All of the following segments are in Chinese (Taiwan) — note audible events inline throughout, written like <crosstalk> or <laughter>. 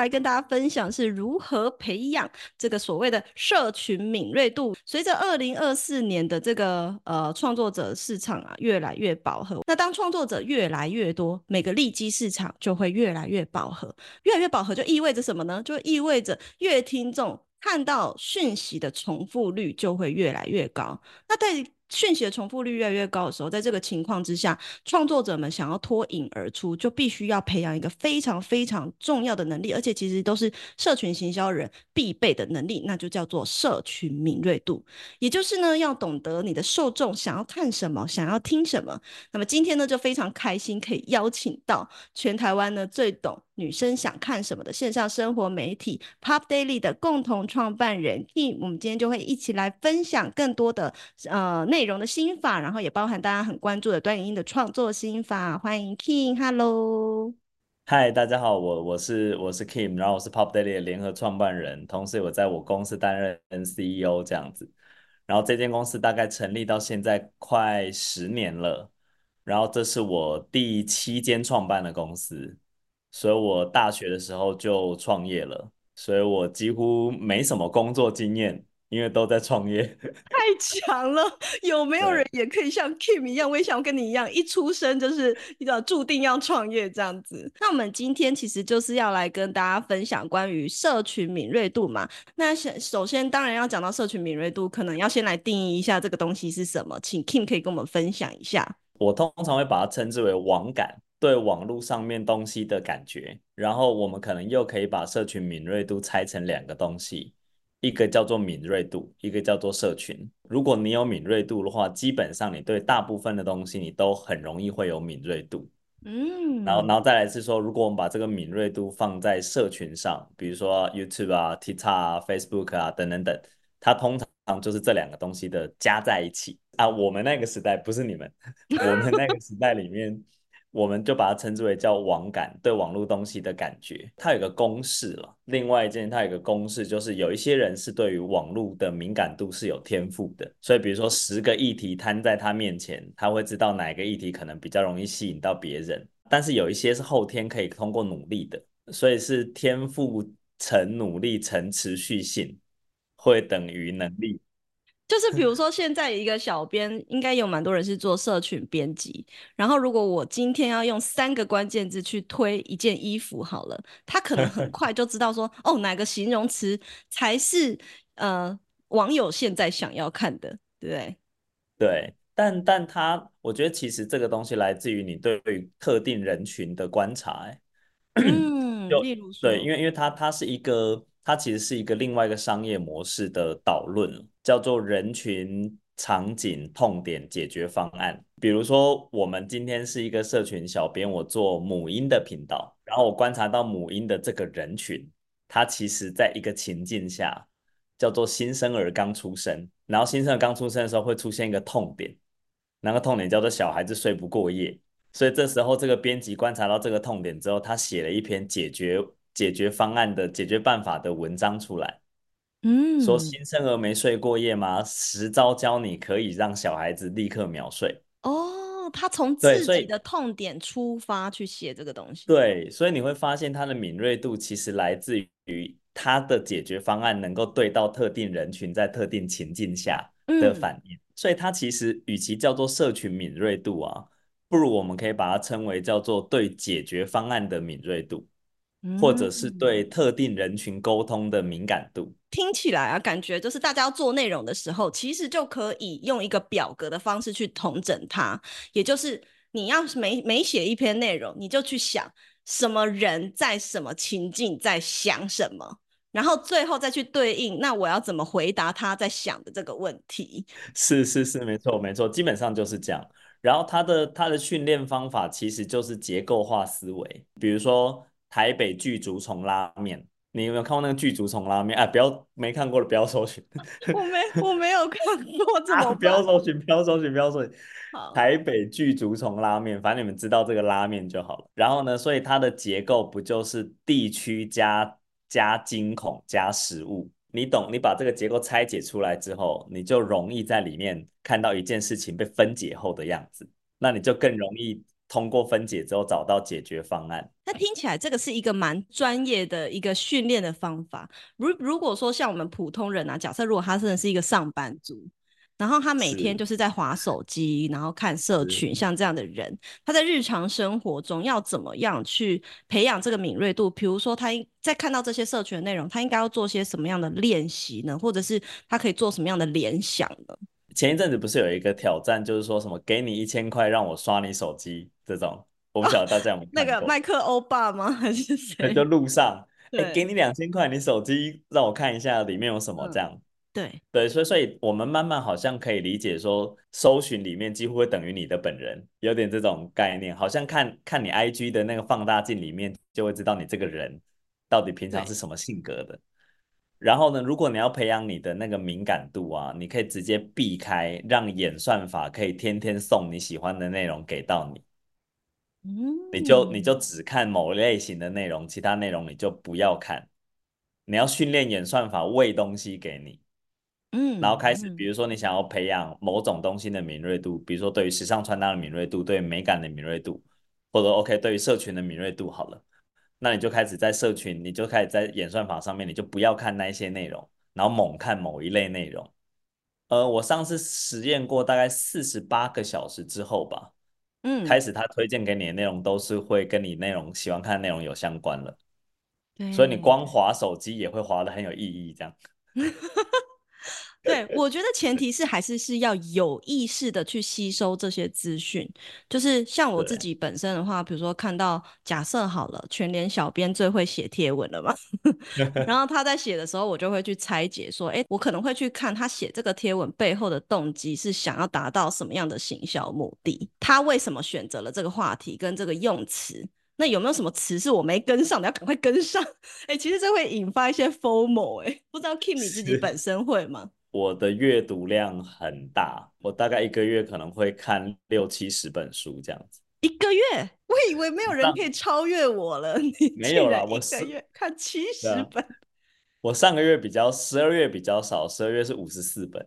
來跟大家分享是如何培養這個所謂的社群敏銳度。隨着二零二四年的這個呃創作者市場啊越來越飽和，那當創作者越來越多，每個利基市場就會越來越飽和。越來越飽和就意味着什麼呢？就意味着越聽眾看到訊息的重複率就會越來越高。那對。訊息的重複率越來越高的時候，在這個情況之下，創作者們想要脫穎而出，就必須要培養一個非常非常重要的能力，而且其實都是社群行銷人必備的能力，那就叫做社群敏銳度。也就是呢，要懂得你的受眾想要看什麼，想要聽什麼。那麼今天呢，就非常開心可以邀請到全台灣呢，最懂。女生想看什麼的線上生活媒體 Pop Daily 的共同創辦人 Kim，我們今天就會一起來分享更多的呃內容的心法，然後也包含大家很關注的短影音的創作心法。歡迎 Kim，Hello，嗨，Hi, 大家好，我我是我是 Kim，然後我是 Pop Daily 的聯合創辦人，同時我在我公司擔任 CEO 這樣子，然後這間公司大概成立到現在快十年了，然後這是我第七間創辦的公司。所以我大學的時候就創業了，所以我幾乎沒什麼工作經驗，因為都在創業。 <laughs> 太強了，有沒有人也可以像 Kim 一樣，我也想跟你一樣，一出生就是你知道注定要創業這樣子？那我們今天其實就是要來跟大家分享關於社群敏銳度嘛。那先首先，當然要講到社群敏銳度，可能要先來定義一下這個東西是什麼，請 Kim 可以跟我們分享一下。我通常會把它稱之為網感。對網絡上面東西的感覺，然後我們可能又可以把社群敏銳度拆成兩個東西，一個叫做敏銳度，一個叫做社群。如果你有敏銳度的話，基本上你對大部分的東西你都很容易會有敏銳度。嗯，然後，然後再來是說，如果我們把這個敏銳度放在社群上，比如說 YouTube 啊、TikTok 啊、Facebook 啊等等等，它通常就是這兩個東西的加在一起啊。我們那個時代不是你們，我們那個時代裡面。 <laughs> 我們就把它稱之為叫網感，對網絡東西的感覺。它有個公式了。另外一件，它有個公式，就是有一些人是對於網絡的敏感度是有天賦的。所以，比如說十個議題攤在他面前，他會知道哪個議題可能比較容易吸引到別人。但是有一些是後天可以通過努力的，所以是天賦乘努力乘持續性，會等於能力。就是比如說，現在一個小編 <laughs> 應該有蠻多人是做社群編輯。然後，如果我今天要用三個關鍵字去推一件衣服，好了，他可能很快就知道說， <laughs> 哦，哪個形容詞才是呃網友現在想要看的，對對？但但他我覺得其實這個東西來自於你對於特定人群的觀察，嗯， <coughs> 例如說對，因為因為它它是一個它其實是一個另外一個商業模式的導論，叫做人群、場景、痛點解決方案。比如說，我們今天是一個社群小編，我做母嬰的頻道，然後我觀察到母嬰的這個人群，他其實在一個情境下，叫做新生兒剛出生，然後新生兒剛出生的時候會出現一個痛點，那個痛點叫做小孩子睡不過夜，所以這時候這個編輯觀察到這個痛點之後，他寫了一篇解決解決方案的解決辦法的文章出來。嗯，說新生兒沒睡過夜嗎？十招教你可以讓小孩子立刻秒睡哦。他從自己的痛點出發去寫這個東西，對，所以，所以你會發現他的敏銳度其實來自於他的解決方案能夠對到特定人群在特定情境下的反應。嗯，所以，他其實與其叫做社群敏銳度啊，不如我們可以把它稱為叫做對解決方案的敏銳度。或者是對特定人群溝通的敏感度。嗯，聽起來啊，感覺就是大家要做內容的時候，其實就可以用一個表格的方式去統整它。也就是，你要是每每寫一篇內容，你就去想什麼人在什麼情境在想什麼，然後最後再去對應，那我要怎麼回答他在想的這個問題？是是是，沒錯沒錯，基本上就是這樣。然後他的他的訓練方法其實就是結構化思維，比如說。台北巨竹蟲拉麵，你有沒有看過那個巨竹蟲拉麵？啊、哎，不要沒看過的不要搜尋。 <laughs> 我沒我沒有看過這種、啊。不要搜尋，不要搜尋，不要搜尋。台北巨竹蟲拉麵，反正你們知道這個拉麵就好了。然後呢，所以它的結構不就是地區加加驚恐加食物？你懂？你把這個結構拆解出來之後，你就容易在裡面看到一件事情被分解後的樣子，那你就更容易。通過分解之後找到解決方案。那聽起來這個是一個蠻專業的一個訓練的方法。如如果說像我們普通人啊，假設如果他真的是一個上班族，然後他每天就是在滑手機，然後看社群，像這樣的人，他在日常生活中要怎麼樣去培養這個敏銳度？比如說他在看到這些社群的內容，他應該要做些什麼樣的練習呢？或者是他可以做什麼樣的聯想呢？前一陣子不是有一個挑戰，就是說什麼給你一千塊，讓我刷你手機這種，我不曉得大家有沒、哦、那個麥克歐巴嗎？還是誰？就路上、欸，給你兩千塊，你手機讓我看一下裡面有什麼，這樣。嗯、對對，所以所以我們慢慢好像可以理解說，搜尋裡面幾乎會等於你的本人，有點這種概念，好像看看你 IG 的那個放大鏡裡面，就會知道你這個人到底平常是什麼性格的。然後呢，如果你要培養你的那個敏感度啊，你可以直接避開，讓演算法可以天天送你喜歡的內容給到你。嗯，你就你就只看某一類型的內容，其他內容你就不要看。你要訓練演算法餵東西給你。嗯，然後開始，比如說你想要培養某種東西的敏銳度，嗯嗯、比如說對於時尚穿搭的敏銳度，對於美感的敏銳度，或者 OK，對於社群的敏銳度，好了。那你就開始在社群，你就開始在演算法上面，你就不要看那些內容，然後猛看某一類內容。呃，我上次實驗過，大概四十八個小時之後吧，嗯，開始他推薦給你的內容都是會跟你內容喜歡看的內容有相關的。嗯，所以你光滑手機也會滑得很有意義，這樣。 <laughs> <laughs> 對，我覺得前提是還是是要有意識的去吸收這些資訊。就是像我自己本身的話，比如說看到假設好了，全聯小編最會寫貼文了嘛， <laughs> 然後他在寫的時候，我就會去拆解說，哎，我可能會去看他寫這個貼文背後的動機是想要達到什麼樣的行銷目的？他為什麼選擇了這個話題跟這個用詞？那有沒有什麼詞是我沒跟上的，要趕快跟上。哎，其實這會引發一些 FOMO 哎，不知道 Kim 你自己本身會嗎？我的閱讀量很大，我大概一個月可能會看六七十本書這樣子。一個月，我以為沒有人可以超越我了。你沒有啦。我一個月看七十本、啊。我上個月比較，十二月比較少，十二月是五十四本。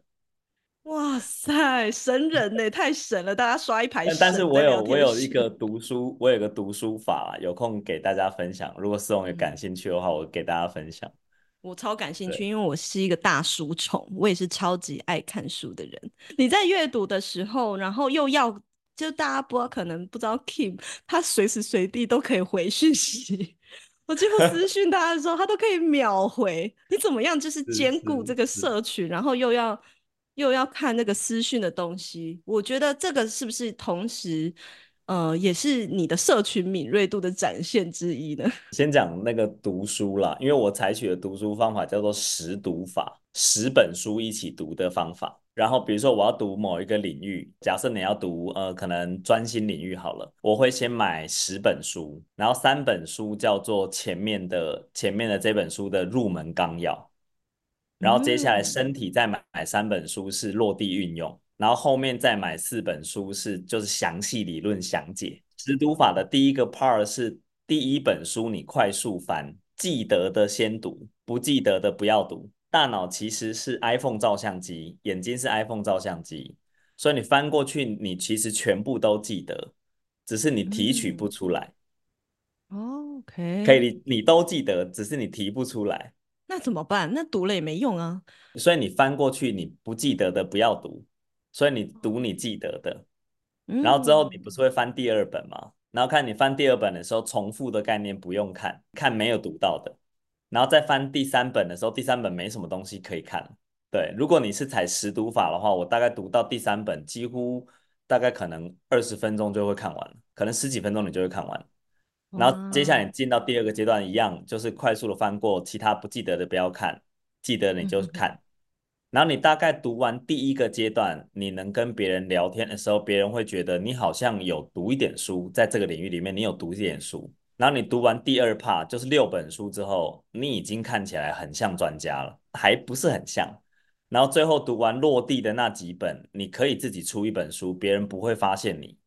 哇塞，神人呢、欸，太神了！大家刷一排。 <laughs> 但是我有我有一個讀書，我有一個讀書法，有空給大家分享。如果思葒有感興趣的話、嗯，我給大家分享。我超感興趣，因為我是一個大書蟲，我也是超級愛看書的人。你在閱讀的時候，然後又要就大家不可能不知道 Kim，他隨時隨地都可以回訊息。我最後私訊他的時候， <laughs> 他都可以秒回。你怎麼樣？就是兼顧這個社群，然後又要又要看那個私訊的東西。我覺得這個是不是同時？呃，也是你的社群敏銳度的展現之一呢。先講那個讀書啦，因為我採取的讀書方法叫做十讀法，十本書一起讀的方法。然後，比如說我要讀某一個領域，假設你要讀呃，可能專心領域好了，我會先買十本書，然後三本書叫做前面的前面的這本書的入門綱要，然後接下來身體再買，嗯，買三本書是落地運用。然後後面再買四本書是，就是詳細理論詳解識讀法的第一個 part 是，第一本書你快速翻，記得的先讀，不記得的不要讀。大腦其實是 iPhone 照相機，眼睛是 iPhone 照相機，所以你翻過去，你其實全部都記得，只是你提取不出來。嗯哦、OK，可以你，你，你都記得，只是你提不出來。那怎麼辦？那讀了也沒用啊。所以你翻過去，你不記得的不要讀。所以你讀你記得的，嗯，然後之後你不是會翻第二本嗎？然後看你翻第二本的時候，重複的概念不用看，看沒有讀到的，然後再翻第三本的時候，第三本沒什麼東西可以看。對，如果你是採十讀法的話，我大概讀到第三本，幾乎大概可能二十分鐘就會看完，可能十幾分鐘你就會看完。然後接下來你進到第二個階段，一樣就是快速的翻過，其他不記得的不要看，記得你就看。嗯然後你大概讀完第一個階段，你能跟別人聊天的時候，別人會覺得你好像有讀一點書，在這個領域裡面你有讀一點書。然後你讀完第二趴，就是六本書之後，你已經看起來很像專家了，還不是很像。然後最後讀完落地的那幾本，你可以自己出一本書，別人不會發現你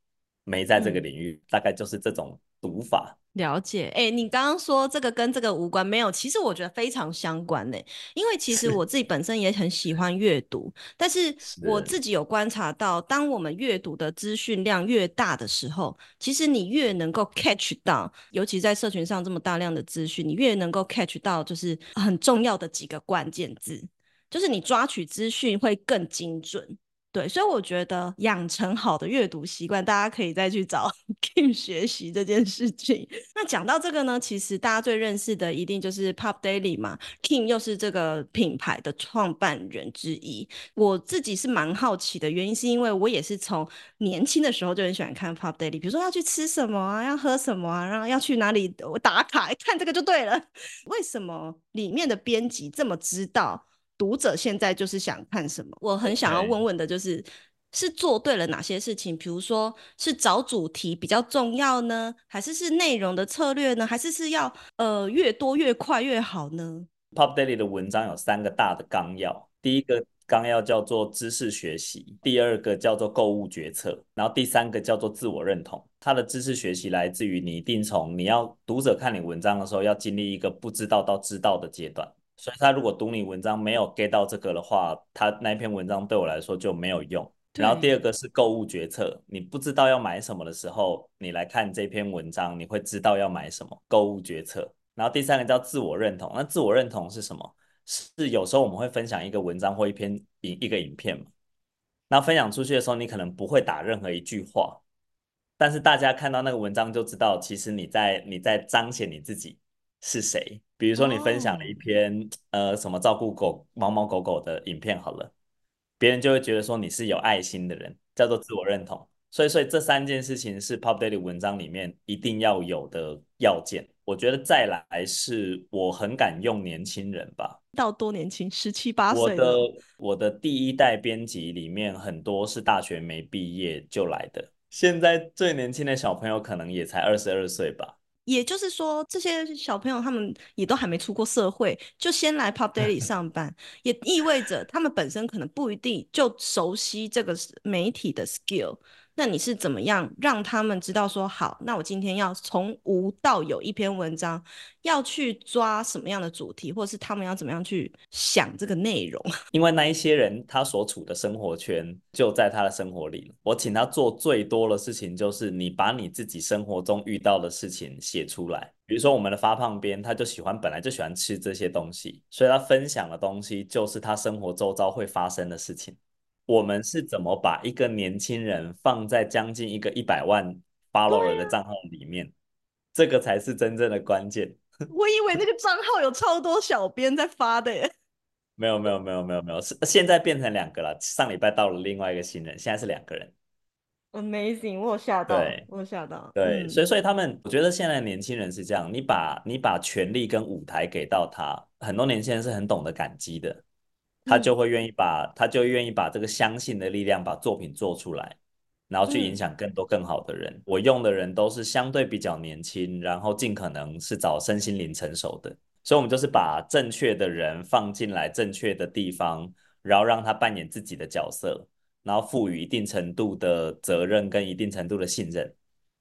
沒在這個領域。嗯、大概就是這種讀法。了解，哎、欸，你剛剛說這個跟這個無關，沒有。其實我覺得非常相關呢、欸，因為其實我自己本身也很喜歡閱讀， <laughs> 但是我自己有觀察到，當我們閱讀的資訊量越大的時候，其實你越能夠 catch 到，尤其在社群上這麼大量的資訊，你越能夠 catch 到就是很重要的幾個關鍵字，就是你抓取資訊會更精準。對，所以我覺得養成好的閱讀習慣，大家可以再去找 Kim 學習這件事情。那講到這個呢，其實大家最認識的一定就是 Popdaily 嘛，Kim 又是這個品牌的創辦人之一。我自己是蠻好奇的，原因是因為我也是從年輕的時候就很喜歡看 Popdaily，比如說要去吃什麼啊，要喝什麼啊，然後要去哪裡我打卡，看這個就對了。為什麼裡面的編輯這麼知道？讀者現在就是想看什麼？我很想要問問的，就是是做對了哪些事情？比如說是找主題比較重要呢，還是是內容的策略呢，還是是要呃越多越快越好呢？Pop Daily 的文章有三個大的綱要，第一個綱要叫做知識學習，第二個叫做購物決策，然後第三個叫做自我認同。它的知識學習來自於你一定從你要讀者看你文章的時候要經歷一個不知道到知道的階段。所以他如果讀你文章沒有 get 到這個的話，他那篇文章對我來說就沒有用。然後第二個是購物決策，你不知道要買什麼的時候，你來看這篇文章，你會知道要買什麼。購物決策。然後第三個叫自我認同，那自我認同是什麼？是有時候我們會分享一個文章或一篇影一個影片嘛？那分享出去的時候，你可能不會打任何一句話，但是大家看到那個文章就知道，其實你在你在彰顯你自己是誰。比如說你分享了一篇，Oh. 呃什麼照顧狗貓貓狗狗的影片好了，別人就會覺得說你是有愛心的人，叫做自我認同。所以所以這三件事情是 Pop Daily 文章裡面一定要有的要件。我覺得再來是我很敢用年輕人吧，到多年輕，十七八歲。我的我的第一代編輯裡面很多是大學沒畢業就來的，現在最年輕的小朋友可能也才二十二歲吧。也就是說，這些小朋友他們也都還沒出過社會，就先來 Pop Daily 上班， <laughs> 也意味着他們本身可能不一定就熟悉這個媒體的 skill。那你是怎麼樣讓他們知道說好？那我今天要從無到有一篇文章，要去抓什麼樣的主題，或者是他們要怎麼樣去想這個內容？因為那一些人他所處的生活圈就在他的生活裡。我請他做最多的事情就是你把你自己生活中遇到的事情寫出來。比如說我們的發胖編，他就喜歡本來就喜歡吃這些東西，所以他分享的東西就是他生活周遭會發生的事情。我們是怎麼把一個年輕人放在將近一個一百萬 follower 的賬號裡面，啊。這個才是真正的關鍵。 <laughs> 我以為那個賬號有超多小編在發的耶。沒有沒有沒有沒有沒有，是現在變成兩個了。上禮拜到了另外一個新人，現在是兩個人。Amazing！我有嚇到，我有嚇到。對，對嗯、所以所以他們，我覺得現在年輕人是這樣，你把你把權力跟舞台給到他，很多年輕人是很懂得感激的。他就會願意把，他就願意把這個相信的力量，把作品做出來，然後去影響更多更好的人。嗯，我用的人都是相對比較年輕，然後盡可能是找身心靈成熟的，所以我們就是把正確的人放進來，正確的地方，然後讓他扮演自己的角色，然後賦予一定程度的責任跟一定程度的信任，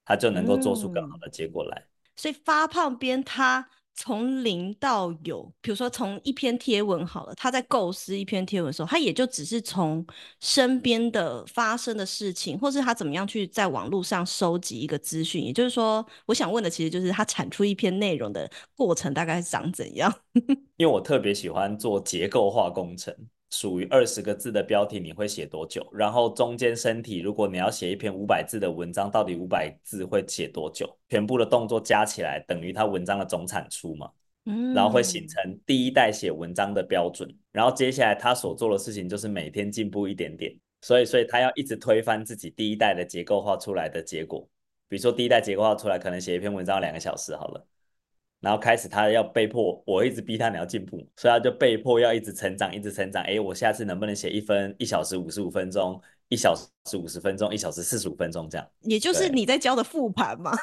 他就能夠做出更好的結果來。嗯，所以發胖邊他，從零到有，比如說從一篇貼文好了，他在構思一篇貼文的時候，他也就只是從身邊的發生的事情，或是他怎麼樣去在網路上收集一個資訊。也就是說，我想問的其實就是他產出一篇內容的過程大概長怎樣？ <laughs> 因為我特別喜歡做結構化工程。屬於二十個字的標題，你會寫多久？然後中間身體，如果你要寫一篇五百字的文章，到底五百字會寫多久？全部的動作加起來等於他文章的總產出嘛？嗯。然後會形成第一代寫文章的標準。嗯。然後接下來他所做的事情就是每天進步一點點。所以，所以他要一直推翻自己第一代的結構化出來的結果。比如說第一代結構化出來，可能寫一篇文章兩個小時，好了。然後開始，他要被迫，我一直逼他你要進步，所以他就被迫要一直成長，一直成長。哎，我下次能不能寫一分一小時五十五分鐘，一小時五十分鐘，一小時四十五分鐘這樣？也就是你在教的復盤嘛？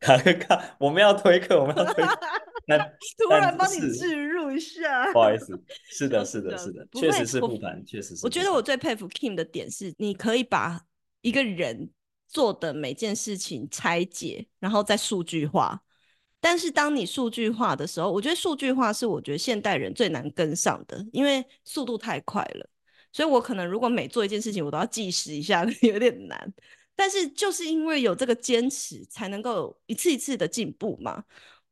卡 <laughs> <laughs> 我們要推課，我們要推。那 <laughs> 突然幫你置入一下， <laughs> 不好意思，是的，是的，是的，就是的，確實是復盤，確實是。我覺得我最佩服 Kim 的點是，你可以把一個人做的每件事情拆解，然後再數據化。但是當你數據化的時候，我覺得數據化是我覺得現代人最難跟上的，因為速度太快了。所以我可能如果每做一件事情，我都要計時一下，有點難。但是就是因為有這個堅持，才能夠一次一次的進步嘛。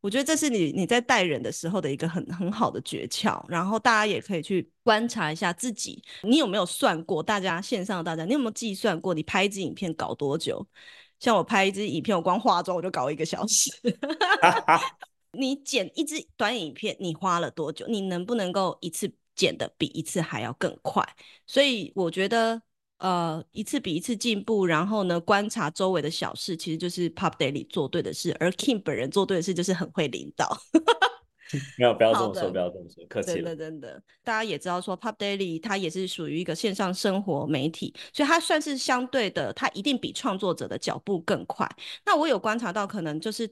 我覺得這是你你在帶人的時候的一個很很好的訣竅。然後大家也可以去觀察一下自己，你有沒有算過？大家線上的大家，你有沒有計算過？你拍一支影片搞多久？像我拍一支影片，我光化妝我就搞一個小時。 <laughs> 你剪一支短影片，你花了多久？你能不能夠一次剪得比一次還要更快？所以我覺得，呃，一次比一次進步，然後呢，觀察周圍的小事，其實就是 Popdaily 做對的事。而 Kim 本人做對的事就是很會領導。 <laughs> <laughs> 沒有，不要這麼說，不要這麼說，不要這麼說，客氣了。真的，真的，大家也知道說 Pop Daily 它也是屬於一個線上生活媒體，所以它算是相對的，它一定比創作者的腳步更快。那我有觀察到，可能就是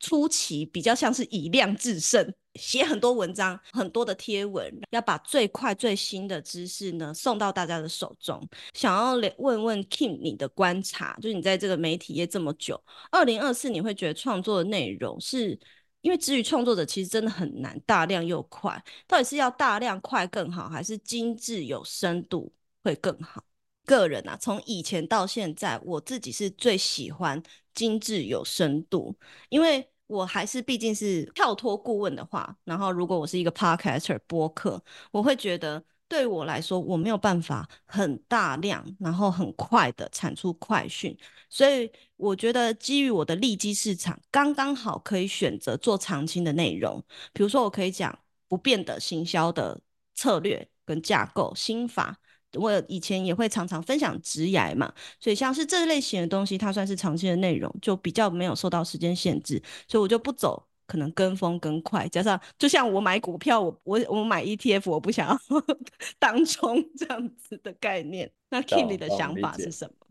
初期比較像是以量制勝，寫很多文章，很多的貼文，要把最快最新的知識呢送到大家的手中。想要問問 Kim 你的觀察，就是你在這個媒體業這麼久，二零二四你會覺得創作的內容是？因為至於創作者其實真的很難，大量又快，到底是要大量快更好，還是精致有深度會更好？個人啊，從以前到現在，我自己是最喜歡精致有深度，因為我還是畢竟是跳脫顧問的話，然後如果我是一個 Podcaster 播客，我會覺得。對我來說，我沒有辦法很大量，然後很快的產出快訊，所以我覺得基於我的利基市場，剛剛好可以選擇做長期的內容。比如說，我可以講不變的行銷的策略跟架構、心法。我以前也會常常分享職涯嘛，所以像是這類型的東西，它算是長期的內容，就比較沒有受到時間限制，所以我就不走，可能跟風跟快，加上就像我買股票，我我我買 ETF，我不想要 <laughs> 當沖這樣子的概念。那 Kim 的想法是什麼？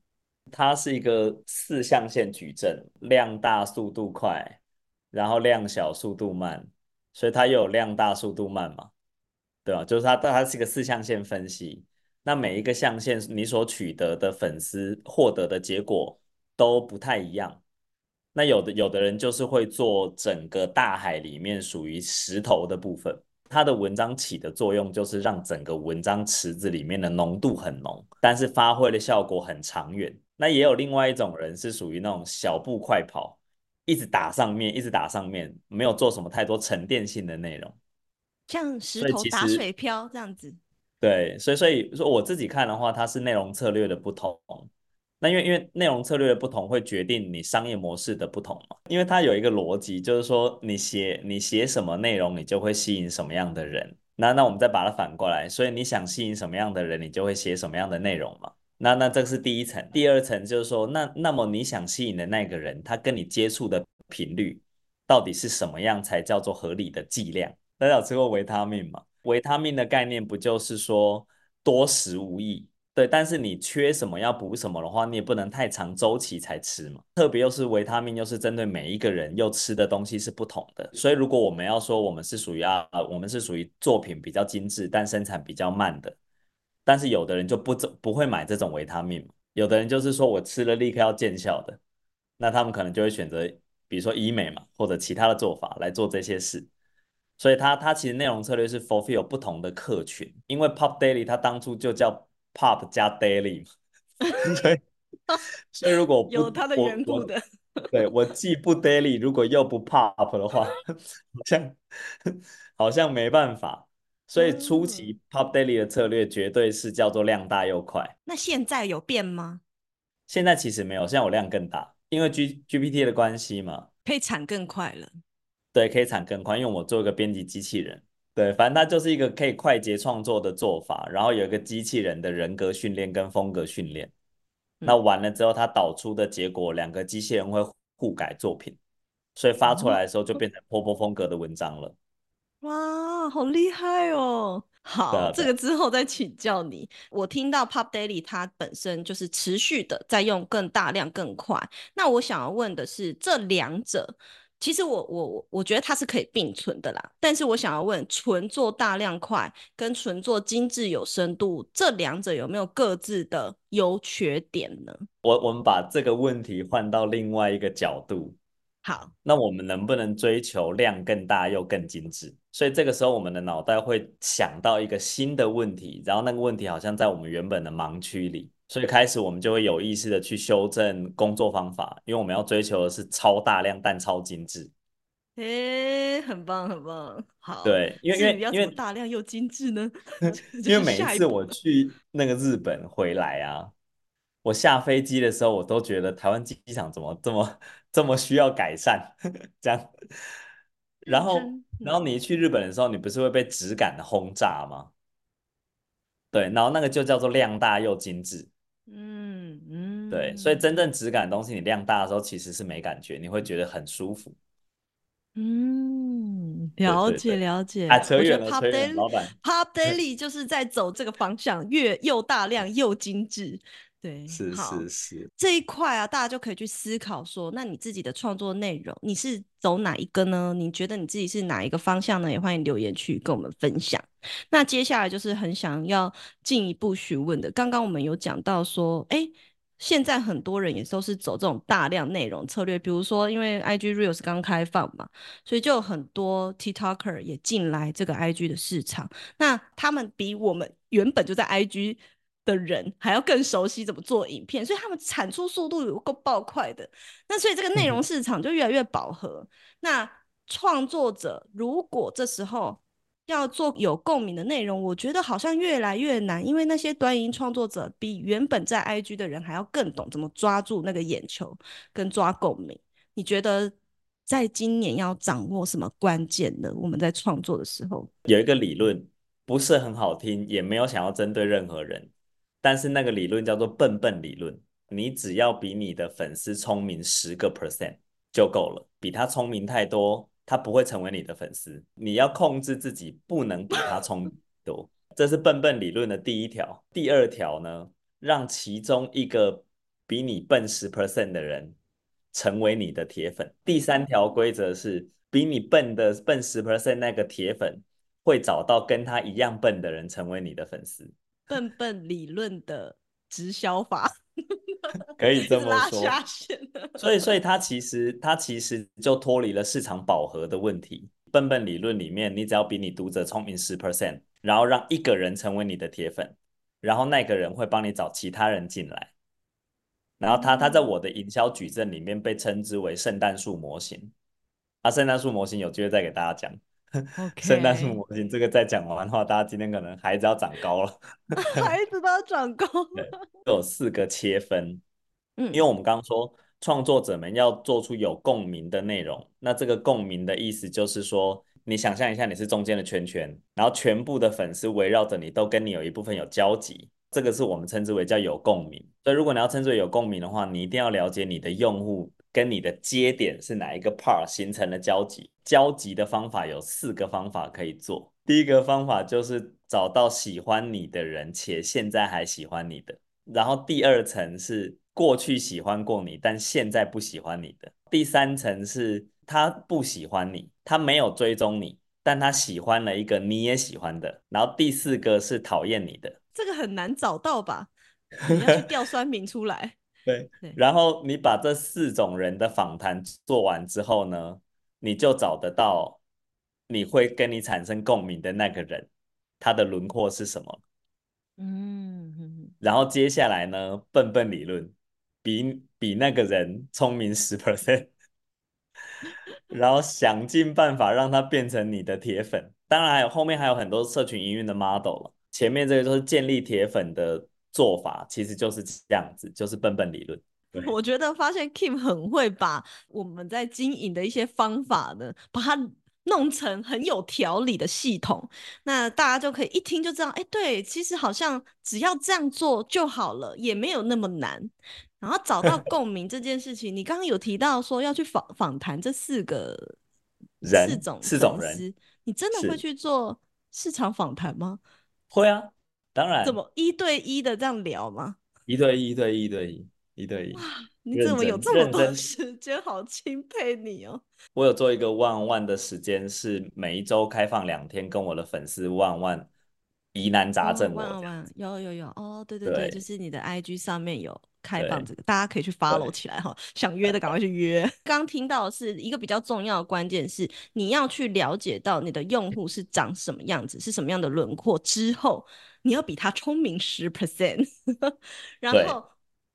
它是一個四象限矩陣，量大速度快，然後量小速度慢，所以它又有量大速度慢嘛，對吧，啊？就是它它是一個四象限分析，那每一個象限你所取得的粉絲獲得的結果都不太一樣。那有的有的人就是會做整個大海裡面屬於石頭的部分，他的文章起的作用就是讓整個文章池子裡面的濃度很濃，但是發揮的效果很長遠。那也有另外一種人是屬於那種小步快跑，一直打上面，一直打上面，沒有做什麼太多沉澱性的內容，像石頭打水漂這樣子。對，所以所以說我自己看的話，它是內容策略的不同。那因為因為內容策略的不同，會決定你商業模式的不同嘛。因為它有一個邏輯，就是說你寫你寫什麼內容，你就會吸引什麼樣的人。那那我們再把它反過來，所以你想吸引什麼樣的人，你就會寫什麼樣的內容嘛。那那這是第一層，第二層就是說，那那麼你想吸引的那個人，他跟你接觸的頻率到底是什麼樣才叫做合理的劑量？大家有吃過維他命嗎？維他命的概念不就是說多食無益？對，但是你缺什麼要補什麼的話，你也不能太長週期才吃嘛。特別又是維他命，又是針對每一個人，又吃的東西是不同的。所以如果我們要說我們是屬於啊、呃，我們是屬於作品比較精緻，但生產比較慢的。但是有的人就不不會買這種維他命嘛。有的人就是說我吃了立刻要見效的，那他們可能就會選擇比如說醫美嘛，或者其他的做法來做這些事。所以它它其實內容策略是 fulfill 不同的客群，因為 Pop Daily 它當初就叫。Pop 加 Daily 嘛， <laughs> 對，所以如果 <laughs> 有它的緣故的，我我對我既不 Daily，如果又不 Pop 的話，好像好像沒辦法。所以初期 Pop Daily 的策略絕對是叫做量大又快。 <laughs> 那現在有變嗎？現在其實沒有，現在我量更大，因為 G GPT 的關係嘛，可以產更快了。對，可以產更快，用我做一個編輯機器人。對，反正它就是一個可以快捷創作的做法，然後有一個機器人的人格訓練跟風格訓練，那完了之後，它導出的結果，兩個機器人會互改作品，所以發出來的時候就變成波波風格的文章了，哦。哇，好厲害哦！好，啊，這個之後再請教你。我聽到 Pop Daily 它本身就是持續的在用更大量更快，那我想要問的是這兩者。其實我我我我覺得它是可以並存的啦，但是我想要問，純做大量快跟純做精致有深度，這兩者有沒有各自的優缺點呢？我我們把這個問題換到另外一個角度，好，那我們能不能追求量更大又更精致？所以這個時候我們的腦袋會想到一個新的問題，然後那個問題好像在我們原本的盲區裡。所以開始我們就會有意識的去修正工作方法，因為我們要追求的是超大量但超精致。誒、欸，很棒，很棒。好，對，因為因為大量又精致呢因。 <laughs> 因為每一次我去那個日本回來啊，我下飛機的時候我都覺得台灣機場怎麼這麼這麼需要改善 <laughs> 這樣。然後然後你一去日本的時候，你不是會被質感的轟炸嗎？對，然後那個就叫做量大又精致。嗯嗯，對，所以真正質感的東西，你量大的時候其實是沒感覺，你會覺得很舒服。嗯，了解，對對對，了解。哎、扯遠了，我覺得 Pop Daily Pop Daily 就是在走這個方向，越又大量又精緻。 <laughs> 對，是是是，這一塊啊，大家就可以去思考說，那你自己的創作內容，你是走哪一個呢？你覺得你自己是哪一個方向呢？也歡迎留言去跟我們分享。那接下來就是很想要進一步詢問的，剛剛我們有講到說，哎、欸，現在很多人也都是走這種大量內容策略，比如說因為 IG Reels 剛開放嘛，所以就有很多 TikToker 也進來這個 IG 的市場。那他們比我們原本就在 IG 的人還要更熟悉怎麼做影片，所以他們產出速度有夠爆快的。那所以這個內容市場就越來越飽和。嗯、那創作者如果這時候要做有共鳴的內容，我覺得好像越來越難，因為那些端音創作者比原本在 IG 的人還要更懂怎麼抓住那個眼球跟抓共鳴。你覺得在今年要掌握什麼關鍵的？我們在創作的時候有一個理論，不是很好聽，也沒有想要針對任何人。但是那個理論叫做笨笨理論，你只要比你的粉絲聰明十個 percent 就夠了，比他聰明太多，他不會成為你的粉絲。你要控制自己，不能比他聰明多。這是笨笨理論的第一條。第二條呢，讓其中一個比你笨十 percent 的人成為你的鐵粉。第三條規則是，比你笨的笨十 percent 那個鐵粉，會找到跟他一樣笨的人成為你的粉絲。笨笨理論的直銷法 <laughs> ，可以這麼說，所以所以他其實他其實就脫離了市場飽和的問題。笨笨理論裡面，你只要比你讀者聰明十 percent，然後讓一個人成為你的鐵粉，然後那個人會幫你找其他人進來，然後他他在我的營銷矩陣裡面被稱之為聖誕樹模型。啊，聖誕樹模型有機會再給大家講。聖誕樹模型，這個再講完的話，大家今天可能孩子要長高了。 <laughs> 孩子都要長高了。有四個切分。嗯，因為我們剛剛說創作者們要做出有共鳴的內容，那這個共鳴的意思就是說，你想象一下你是中間的圈圈，然後全部的粉絲圍繞着你,都跟你有一部分有交集，這個是我們稱之為叫有共鳴。所以如果你要稱之為有共鳴的話，你一定要了解你的用戶。跟你的接點是哪一個 part 形成了交集？交集的方法有四個方法可以做。第一個方法就是找到喜歡你的人且現在還喜歡你的，然後第二層是過去喜歡過你但現在不喜歡你的，第三層是他不喜歡你，他沒有追蹤你，但他喜歡了一個你也喜歡的，然後第四個是討厭你的。這個很難找到吧？你要去調酸民出來。 <laughs> 對，對，然後你把這四種人的訪談做完之後呢，你就找得到你會跟你產生共鳴的那個人，他的輪廓是什麼？嗯，然後接下來呢，笨笨理論，比比那個人聰明10% <laughs> 然後想盡辦法讓他變成你的鐵粉。當然還有，有後面還有很多社群營運的 model 了，前面這個都是建立鐵粉的。做法其實就是這樣子，就是笨笨理論。對，我覺得發現 Kim 很會把我們在經營的一些方法呢，把它弄成很有條理的系統。那大家就可以一聽就知道，哎，對，其實好像只要這樣做就好了，也沒有那麼難。然後找到共鳴這件事情， <laughs> 你剛剛有提到說要去訪訪談這四個人、四種、四種人，你真的會去做市場訪談嗎？會啊。當然怎麼一對一的這樣聊嗎？一對一對一對一一對一，你怎麼有這麼多時間？好欽佩你哦、喔！我有做一個萬萬的時間，是每一周開放兩天，跟我的粉絲萬萬疑難雜症的萬萬有有有哦、oh！對對對，對，就是你的 IG 上面有開放這個，大家可以去 follow 起來哈，想約的趕快去約。剛 <laughs> <laughs> 聽到是一個比較重要的關鍵，是你要去了解到你的用戶是長什麼樣子，是什麼樣的輪廓之後。你要比他聰明十 percent， <laughs> 然後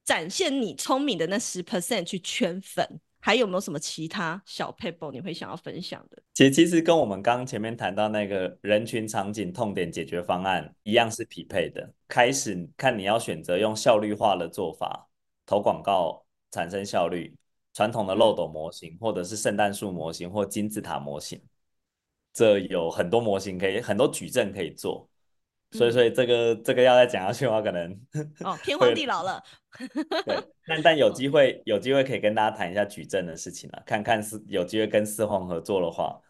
展現你聰明的那十 percent 去圈粉。還有沒有什麼其他小撇步你會想要分享的？其實，其實跟我們剛剛前面談到那個人群、場景、痛點解決方案一樣，是匹配的。開始看你要選擇用效率化的做法投廣告，產生效率。傳統的漏斗模型，或者是聖誕樹模型，或金字塔模型，這有很多模型可以，很多矩陣可以做。所以，所以這個、嗯、這個要再講下去的話，可能哦，天荒地老了。 <laughs> 對，但但有機會、哦、有機會可以跟大家談一下矩陣的事情啊，看看是有機會跟思葒合作的話，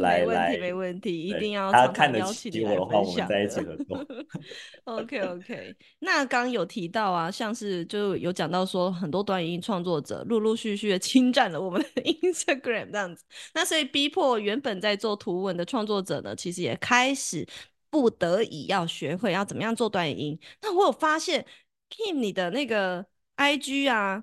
來來沒問題，沒問題一定要常常他看得起我的話，我們在一起合作 <laughs> OK OK， <laughs> 那剛剛有提到啊，像是就有講到說，很多短影音創作者陸陸續續的侵占了我們的 Instagram 這樣子，那所以逼迫原本在做圖文的創作者呢，其實也開始。不得已要學會要怎麼樣做短影音。那我有發現，Kim，你的那個 IG 啊，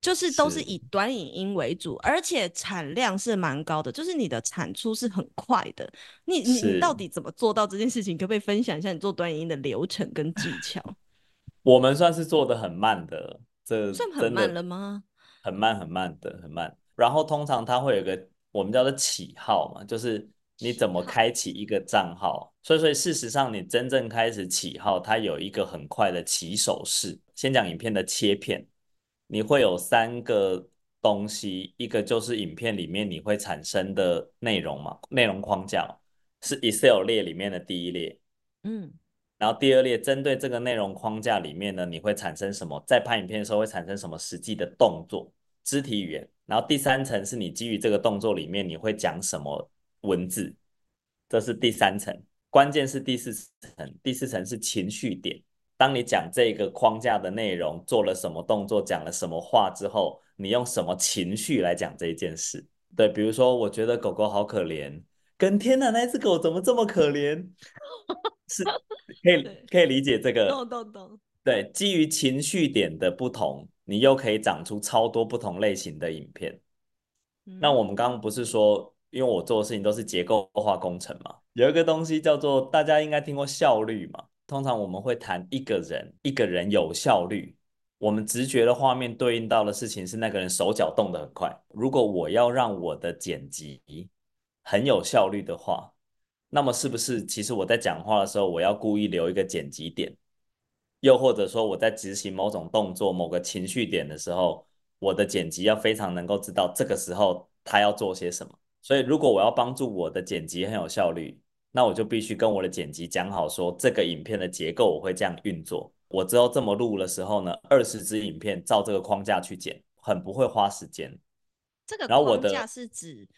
就是都是以短影音為主，而且產量是蠻高的，就是你的產出是很快的。你你，你到底怎麼做到這件事情？可不可以分享一下你做短影音的流程跟技巧？ <laughs> 我們算是做得很慢的，這算很慢了嗎？很慢很慢的，很慢。然後通常它會有個我們叫做起號嘛，就是。你怎麼開啟一個賬號？所以，所以事實上，你真正開始起號，它有一個很快的起手式。先講影片的切片，你會有三個東西，一個就是影片裡面你會產生的內容嘛？內容框架是 Excel 列裡面的第一列，嗯。然後第二列針對這個內容框架裡面呢，你會產生什麼？在拍影片的時候會產生什麼實際的動作、肢體語言？然後第三層是你基於這個動作裡面，你會講什麼？文字，這是第三層，關鍵是第四層。第四層是情緒點。當你講這個框架的內容，做了什麼動作，講了什麼話之後，你用什麼情緒來講這一件事？對，比如說，我覺得狗狗好可憐，跟天哪，那只狗怎麼這麼可憐？ <laughs> 是，可以可以理解這個。懂懂懂。對，基於情緒點的不同，你又可以長出超多不同類型的影片。Mm -hmm. 那我們剛剛不是說？因為我做的事情都是結構化工程嘛，有一個東西叫做大家應該聽過效率嘛。通常我們會談一個人一個人有效率，我們直覺的畫面對應到的事情是那個人手腳動得很快。如果我要讓我的剪輯很有效率的話，那麼是不是其實我在講話的時候，我要故意留一個剪輯點？又或者說我在執行某種動作、某個情緒點的時候，我的剪輯要非常能夠知道這個時候他要做些什麼？所以，如果我要幫助我的剪輯很有效率，那我就必須跟我的剪輯講好說，說這個影片的結構我會這樣運作。我之後這麼錄的時候呢，二十支影片照這個框架去剪，很不會花時間。這個框架是指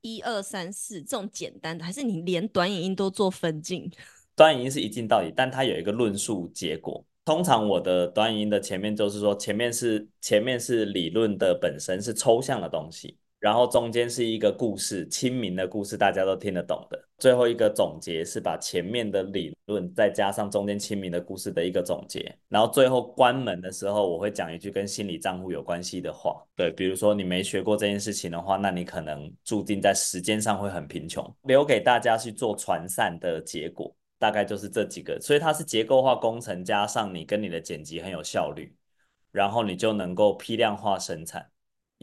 一二三四這種簡單的，還是你連短影音都做分鏡？短影音是一鏡到底，但它有一個論述結果。通常我的短影音的前面就是說，前面是前面是理論的本身是抽象的東西。然後中間是一個故事，親民的故事，大家都聽得懂的。最後一個總結是把前面的理論再加上中間親民的故事的一個總結。然後最後關門的時候，我會講一句跟心理賬戶有關係的話。對，比如說你沒學過這件事情的話，那你可能注定在時間上會很貧窮。留給大家去做傳散的結果，大概就是這幾個。所以它是結構化工程，加上你跟你的剪輯很有效率，然後你就能夠批量化生產。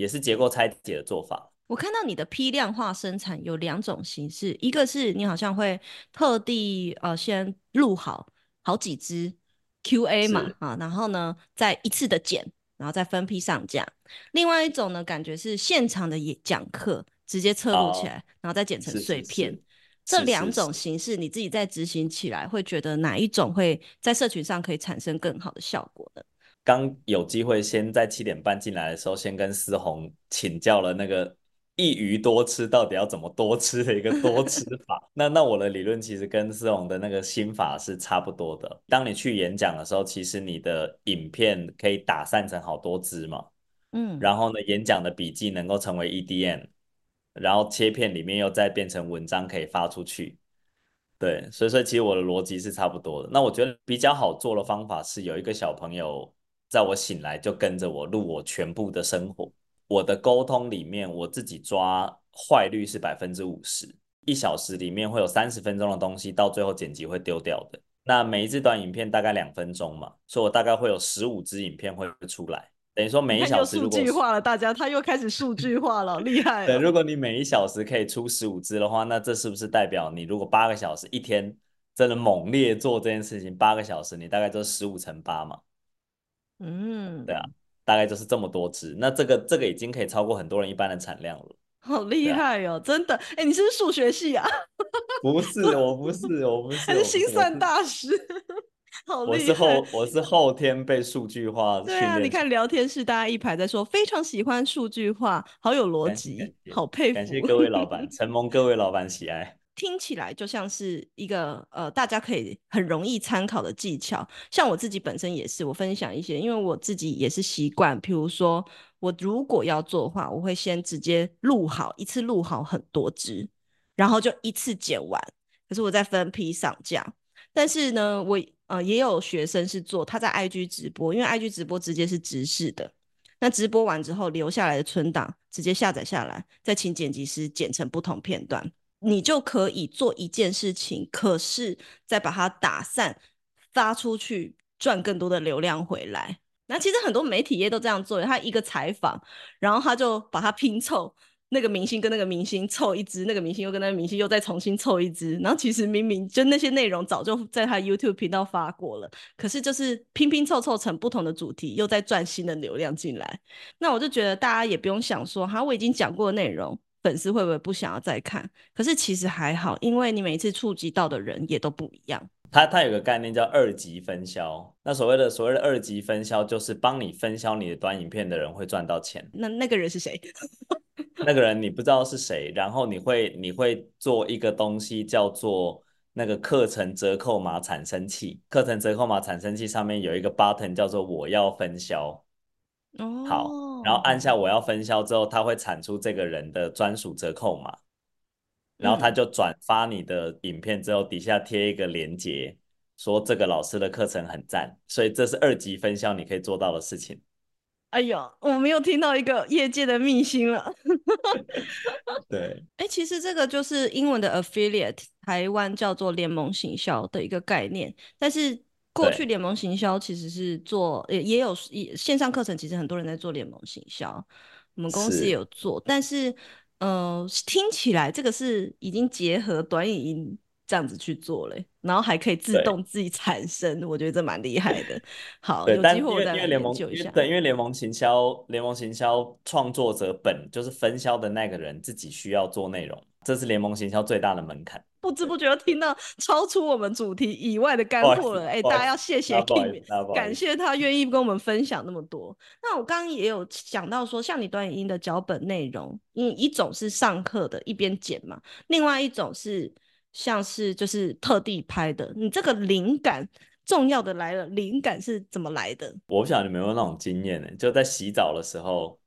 也是結構拆解的做法。我看到你的批量化生產有兩種形式，一個是你好像會特地呃先錄好好幾支 QA 嘛啊，然後呢再一次的剪，然後再分批上架。另外一種呢，感覺是現場的也講課，直接側錄起來，哦、然後再剪成碎片是是是。這兩種形式你自己在執行起來是是是，會覺得哪一種會在社群上可以產生更好的效果呢？剛有機會，先在七點半進來的時候，先跟思葒請教了那個一魚多吃到底要怎麼多吃的一個多吃法。 <laughs> 那那我的理論其實跟思葒的那個心法是差不多的。當你去演講的時候，其實你的影片可以打散成好多支嘛，嗯，然後呢，演講的筆記能夠成為 EDM，然後切片裡面又再變成文章可以發出去，對，所以說其實我的邏輯是差不多的。那我覺得比較好做的方法是有一個小朋友。在我醒來就跟着我錄我全部的生活，我的溝通裡面我自己抓壞率是百分之五十，一小時裡面會有三十分鐘的東西到最後剪輯會丟掉的。那每一支短影片大概兩分鐘嘛，所以我大概會有十五支影片會出來，等於說每一小時如果數據化了，大家他又開始數據化了，厲害。 <laughs> 對，如果你每一小時可以出十五支的話，那這是不是代表你如果八個小時一天真的猛烈做這件事情，八個小時你大概就是十五乘八嘛？嗯，對啊，大概就是這麼多支。那這個這個已經可以超過很多人一般的產量了。好厲害哦，啊、真的！哎，你是不是數學系啊？不是，我不是，我不是，還是心算大師。好厲害！我是後我是後天被數據化。對啊，你看聊天室大家一排在說，非常喜歡數據化，好有邏輯，好佩服。感謝各位老板，承蒙各位老板喜愛。聽起來就像是一個呃，大家可以很容易參考的技巧。像我自己本身也是，我分享一些，因為我自己也是習慣。比如說，我如果要做的話，我會先直接錄好，一次錄好很多支，然後就一次剪完。可是我再分批上架。但是呢，我呃也有學生是做，他在 IG 直播，因為 IG 直播直接是直視的。那直播完之後留下來的存檔，直接下載下來，再請剪輯師剪成不同片段。你就可以做一件事情，可是再把它打散發出去，賺更多的流量回來。那其實很多媒體也都這樣做，他一個採訪，然後他就把它拼湊，那個明星跟那個明星湊一支，那個明星又跟那個明星又再重新湊一支，然後其實明明就那些內容早就在他 YouTube 頻道發過了，可是就是拼拼湊湊成不同的主題，又在賺新的流量進來。那我就覺得大家也不用想說，哈，我已經講過的內容。粉絲會不會不想要再看？可是其實還好，因為你每一次觸及到的人也都不一樣。他他有個概念叫二級分銷，那所謂的所謂的二級分銷就是幫你分銷你的短影片的人會賺到錢。那那個人是誰？ <laughs> 那個人你不知道是誰，然後你會你會做一個東西叫做那個課程折扣碼產生器，課程折扣碼產生器上面有一個 button 叫做我要分銷。哦、oh，好，然後按下我要分銷之後，他會產出這個人的專屬折扣碼，然後他就轉發你的影片，之後，嗯、底下貼一個鏈接，說這個老師的課程很贊，所以這是二級分銷你可以做到的事情。哎呦，我沒有聽到一個業界的秘辛了。 <laughs> 對，哎、欸，其實這個就是英文的 affiliate，台灣叫做聯盟行銷的一個概念，但是。過去聯盟行銷其實是做，也也有也線上課程，其實很多人在做聯盟行銷，我們公司也有做，是但是，嗯、呃，聽起來這個是已經結合短影音這樣子去做嘞、欸，然後還可以自動自己產生，我覺得這蠻厲害的。 <laughs> 好，有但會為因為聯盟，對，一下因為聯盟行銷，聯盟行銷創作者本就是分銷的那個人自己需要做內容。這是聯盟行銷最大的門檻。不知不覺聽到超出我們主題以外的乾貨了，哎、欸，大家要謝謝 Kim，感謝他願意跟我們分享那麼多。那我剛剛也有講到說，像你短影音的腳本內容，因為一種是上課的一邊剪嘛，另外一種是像是就是特地拍的。你這個靈感重要的來了，靈感是怎麼來的？我不曉得你有沒有那種經驗呢、欸，就在洗澡的時候。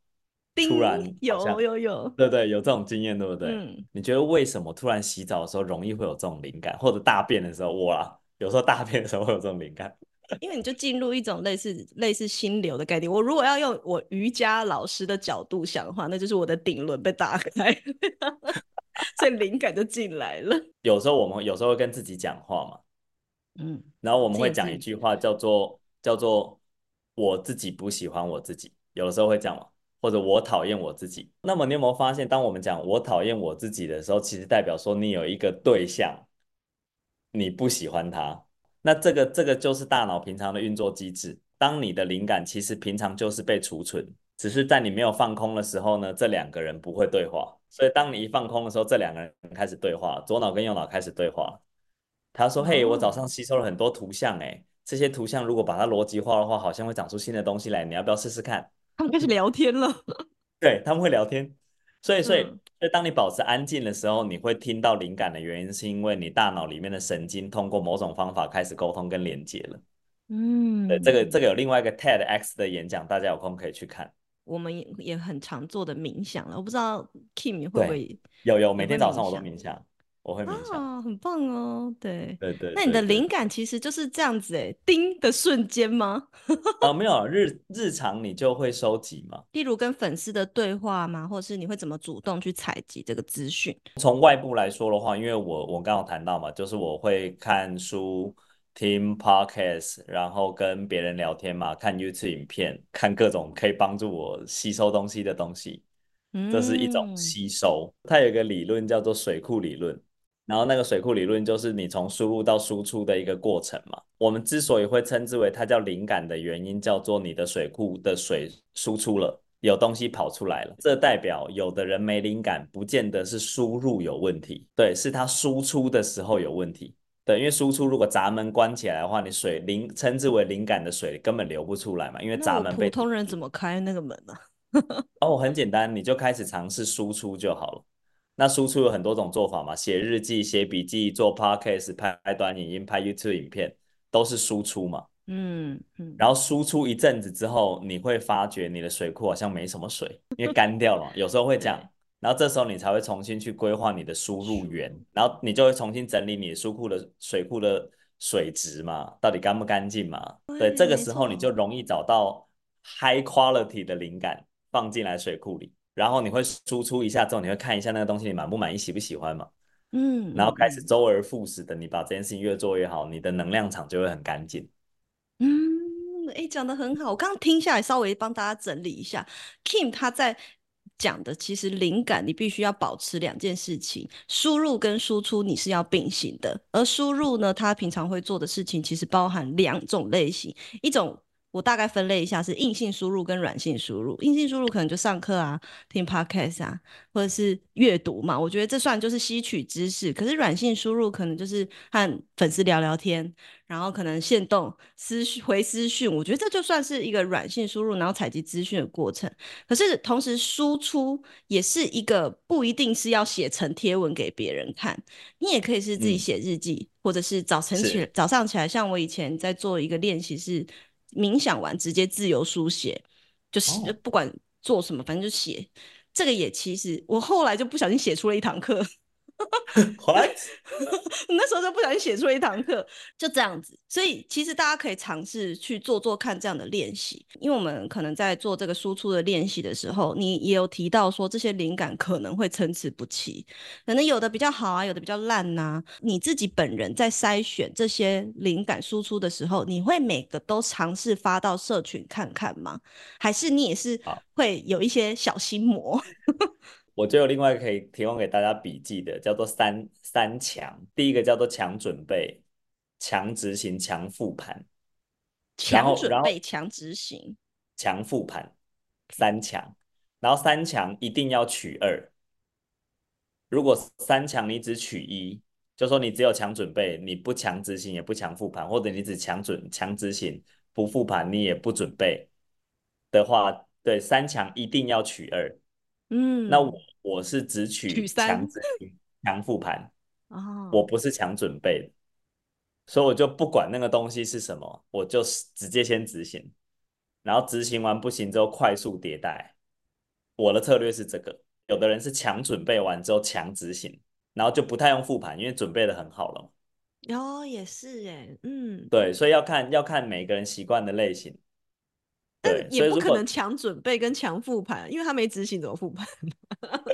突然有有有，有有對，對對，有這種經驗，對不對？嗯。你覺得為什麼突然洗澡的時候容易會有這種靈感，或者大便的時候，哇，有時候大便的時候會有這種靈感？因為你就進入一種類似類似心流的概念。我如果要用我瑜伽老師的角度想的話，那就是我的頂輪被打開， <laughs> 所以靈感就進來了。有時候我們有時候會跟自己講話嘛，嗯，然後我們會講一句話，叫做進進叫做我自己不喜歡我自己，有的時候會講嘛。或者我討厭我自己，那麼你有沒有發現，當我們講我討厭我自己的時候，其實代表說你有一個對象，你不喜歡他。那這個這個就是大腦平常的運作機制。當你的靈感其實平常就是被儲存，只是在你沒有放空的時候呢，這兩個人不會對話。所以當你一放空的時候，這兩個人開始對話，左腦跟右腦開始對話。他說：“嘿，我早上吸收了很多圖像，欸，這些圖像如果把它邏輯化的話，好像會長出新的東西來，你要不要試試看？”他們開始聊天了、嗯，對，他們會聊天，所以所以所、嗯、當你保持安靜的時候，你會聽到靈感的原因，是因為你大腦裡面的神經通過某種方法開始溝通跟連接了。嗯，對，這個這個有另外一個 TEDx 的演講，大家有空可以去看。我們也很常做的冥想了，我不知道 Kim 會不會有有每天早上我都冥想。我會啊，很棒哦，對對對,對對。那你的靈感其實就是這樣子、欸，哎，叮的瞬間嗎？ <laughs> 哦，沒有，日日常你就會收集嘛，例如跟粉絲的對話嘛，或者是你會怎麼主動去採集這個資訊？從外部來說的話，因為我我剛有談到嘛，就是我會看書、嗯、聽 Podcast，然後跟別人聊天嘛，看 YouTube 影片，看各種可以幫助我吸收東西的東西、嗯，這是一種吸收。它有一個理論叫做水庫理論。然後那個水庫理論就是你從輸入到輸出的一個過程嘛。我們之所以會稱之為它叫靈感的原因，叫做你的水庫的水輸出了，有東西跑出來了。這代表有的人沒靈感，不見得是輸入有問題，對，是他輸出的時候有問題。對，因為輸出如果閘門關起來的話，你水靈稱之為靈感的水根本流不出來嘛。因為閘門被普通、那個、人怎麼開那個門呢、啊？哦、 <laughs> oh,，很簡單，你就開始嘗試輸出就好了。那輸出有很多種做法嘛，寫日記、寫筆記、做 podcast、拍短影音、拍 YouTube 影片，都是輸出嘛。嗯嗯。然後輸出一陣子之後，你會發覺你的水庫好像沒什麼水，因為乾掉了。有時候會這樣， <laughs> 然後這時候你才會重新去規劃你的輸入源，然後你就會重新整理你的書庫的水庫的水質嘛，到底乾不乾淨嘛？對，這個時候你就容易找到 high quality 的靈感放進來水庫裡。然後你會輸出一下之後，你會看一下那個東西，你滿不滿意，喜不喜歡嘛？嗯，然後開始周而復始的，你把這件事情越做越好，你的能量場就會很乾淨。嗯，哎、欸，講得很好，我剛剛聽下來，稍微幫大家整理一下，Kim 他在講的，其實靈感你必須要保持兩件事情，輸入跟輸出你是要並行的，而輸入呢，他平常會做的事情其實包含兩種類型，一種。我大概分類一下，是硬性輸入跟軟性輸入。硬性輸入可能就上課啊，聽 Podcast 啊，或者是閱讀嘛。我覺得這算就是吸取知識。可是軟性輸入可能就是和粉絲聊聊天，然後可能限動私訊、回私訊。我覺得這就算是一個軟性輸入，然後採集資訊的過程。可是同時輸出也是一個，不一定是要寫成貼文給別人看，你也可以是自己寫日記、嗯，或者是早晨起早上起來，像我以前在做一個練習是。冥想完直接自由書寫，就是不管做什麼，oh. 反正就寫。這個也其實我後來就不小心寫出了一堂課。你 <laughs> What? <laughs> 那時候都不想寫出一堂課，就這樣子。所以其實大家可以嘗試去做做看這樣的練習，因為我們可能在做這個輸出的練習的時候，你也有提到說這些靈感可能會參差不齊，可能有的比較好啊，有的比較爛吶、啊。你自己本人在篩選這些靈感輸出的時候，你會每個都嘗試發到社群看看嗎？還是你也是會有一些小心魔？ <laughs> 我就有另外可以提供給大家筆記的，叫做「三三強」。第一個叫做“強準備、強執行、強復盤”。強準備、強執行、強復盤，三強。然後三強一定要取二。如果三強你只取一，就說你只有強準備，你不強執行，也不強復盤；或者你只強準強執行，不復盤，你也不準備的話，對，三強一定要取二。嗯，那我我是只取強執行，強覆盤，哦，我不是強準備的，所以我就不管那個東西是什麼，我就直接先執行，然後執行完不行之後快速迭代。我的策略是這個，有的人是強準備完之後強執行，然後就不太用覆盤，因為準備的很好了。哦，也是耶，嗯，對，所以要看要看每個人習慣的類型。但也不可能強準備跟強復盤，因為他沒執行怎麼復盤？ <laughs>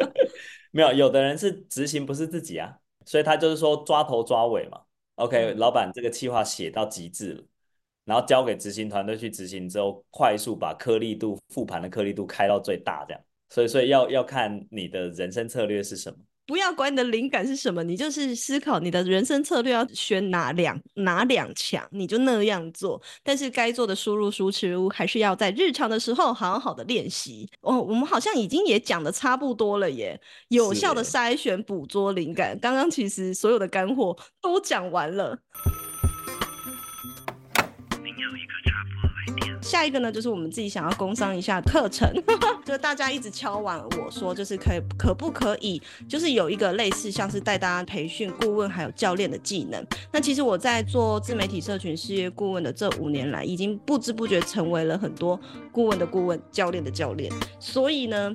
沒有，有的人是執行不是自己啊，所以他就是說抓頭抓尾嘛。OK，嗯，老闆這個計劃寫到極致了，然後交給執行團隊去執行之後，快速把顆粒度，復盤的顆粒度開到最大，這樣。所以，所以要要看你的人生策略是什麼。不要管你的靈感是什麼，你就是思考你的人生策略要選哪兩哪兩強，你就那樣做。但是該做的輸入輸出還是要在日常的時候好好的練習。哦，我們好像已經也講的差不多了耶，有效的篩選捕捉靈感，剛剛其實所有的乾貨都講完了。下一個呢，就是我們自己想要工商一下課程， <laughs> 就大家一直敲碗，我說，就是可以，可不可以，就是有一個類似像是帶大家培訓、顧問還有教練的技能。那其實我在做自媒體社群事業顧問的這五年來，已經不知不覺成為了很多顧問的顧問、教練的教練，所以呢。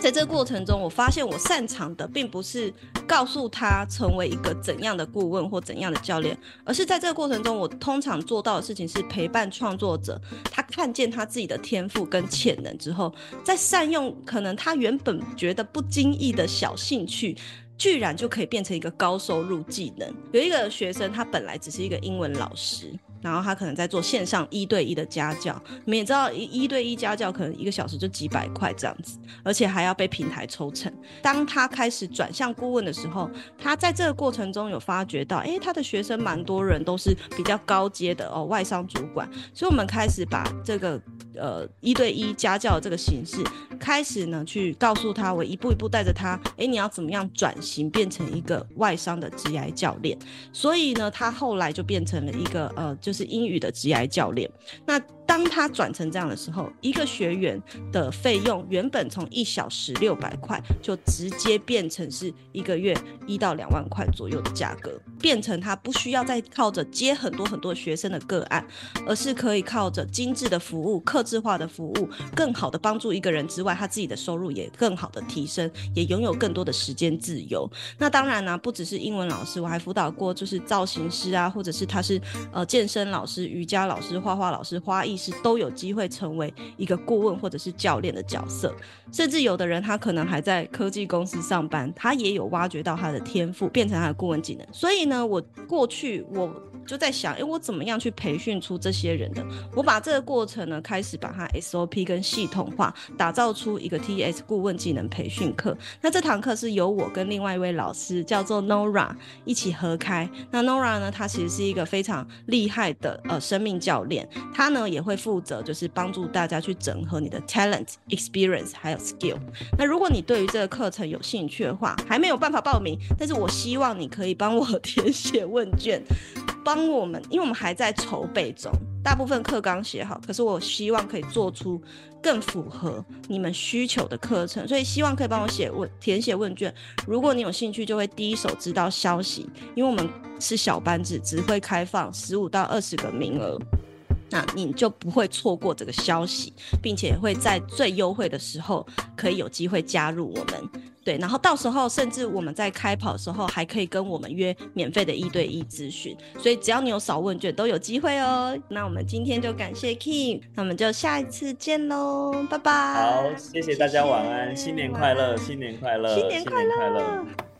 在這個過程中，我發現我擅長的並不是告訴他成為一個怎樣的顧問或怎樣的教練，而是在這個過程中，我通常做到的事情是陪伴創作者，他看見他自己的天賦跟潛能之後，再善用可能他原本覺得不經意的小興趣。居然就可以變成一個高收入技能。有一個學生，他本來只是一個英文老師，然後他可能在做線上一對一的家教。你們也知道，一一對一家教可能一個小時就幾百塊這樣子，而且還要被平台抽成。當他開始轉向顧問的時候，他在這個過程中有發覺到，誒、欸，他的學生蠻多人都是比較高階的哦，外商主管。所以我們開始把這個。呃，一對一家教的這個形式開始呢，去告訴他，我一步一步帶着他，哎、欸，你要怎麼樣轉型變成一個外商的職涯教練？所以呢，他後來就變成了一個呃，就是英語的職涯教練。那。當他轉成這樣的時候，一個學員的費用原本從一小時六百塊，就直接變成是一個月一到兩萬塊左右的價格，變成他不需要再靠着接很多很多學生的個案，而是可以靠着精緻的服務、客製化的服務，更好的幫助一個人之外，他自己的收入也更好的提升，也擁有更多的時間自由。那當然呢、啊，不只是英文老師，我還輔導過就是造型師啊，或者是他是呃健身老師、瑜伽老師、畫畫老師、花藝。其實都有機會成為一個顧問或者是教練的角色，甚至有的人他可能還在科技公司上班，他也有挖掘到他的天賦，變成他的顧問技能。所以呢，我過去我。就在想，哎、欸，我怎麼樣去培訓出這些人的？我把這個過程呢，開始把它 SOP 跟系統化，打造出一個 TES 顧問技能培訓課。那這堂課是由我跟另外一位老師叫做 Nora 一起合開。那 Nora 呢，她其實是一個非常厲害的呃生命教練，她呢也會負責就是幫助大家去整合你的 talent、experience 還有 skill。那如果你對於這個課程有興趣的話，還沒有辦法報名，但是我希望你可以幫我填寫問卷，幫我們，因為我們還在籌備中，大部分課剛寫好，可是我希望可以做出更符合你們需求的課程，所以希望可以幫我寫問，填寫問卷。如果你有興趣，就會第一手知道消息，因為我們是小班子，只會開放十五到二十個名額。那，你就不會錯過這個消息，並且會在最優惠的時候可以有機會加入我們，對。然後到時候甚至我們在開跑的時候還可以跟我們約免費的一對一諮詢，所以只要你有少問卷都有機會哦。那我們今天就感謝 Kim，那我們就下一次見嘍，拜拜。好，謝謝大家，晚安謝謝，新年快樂，新年快樂，新年快樂，新年快樂。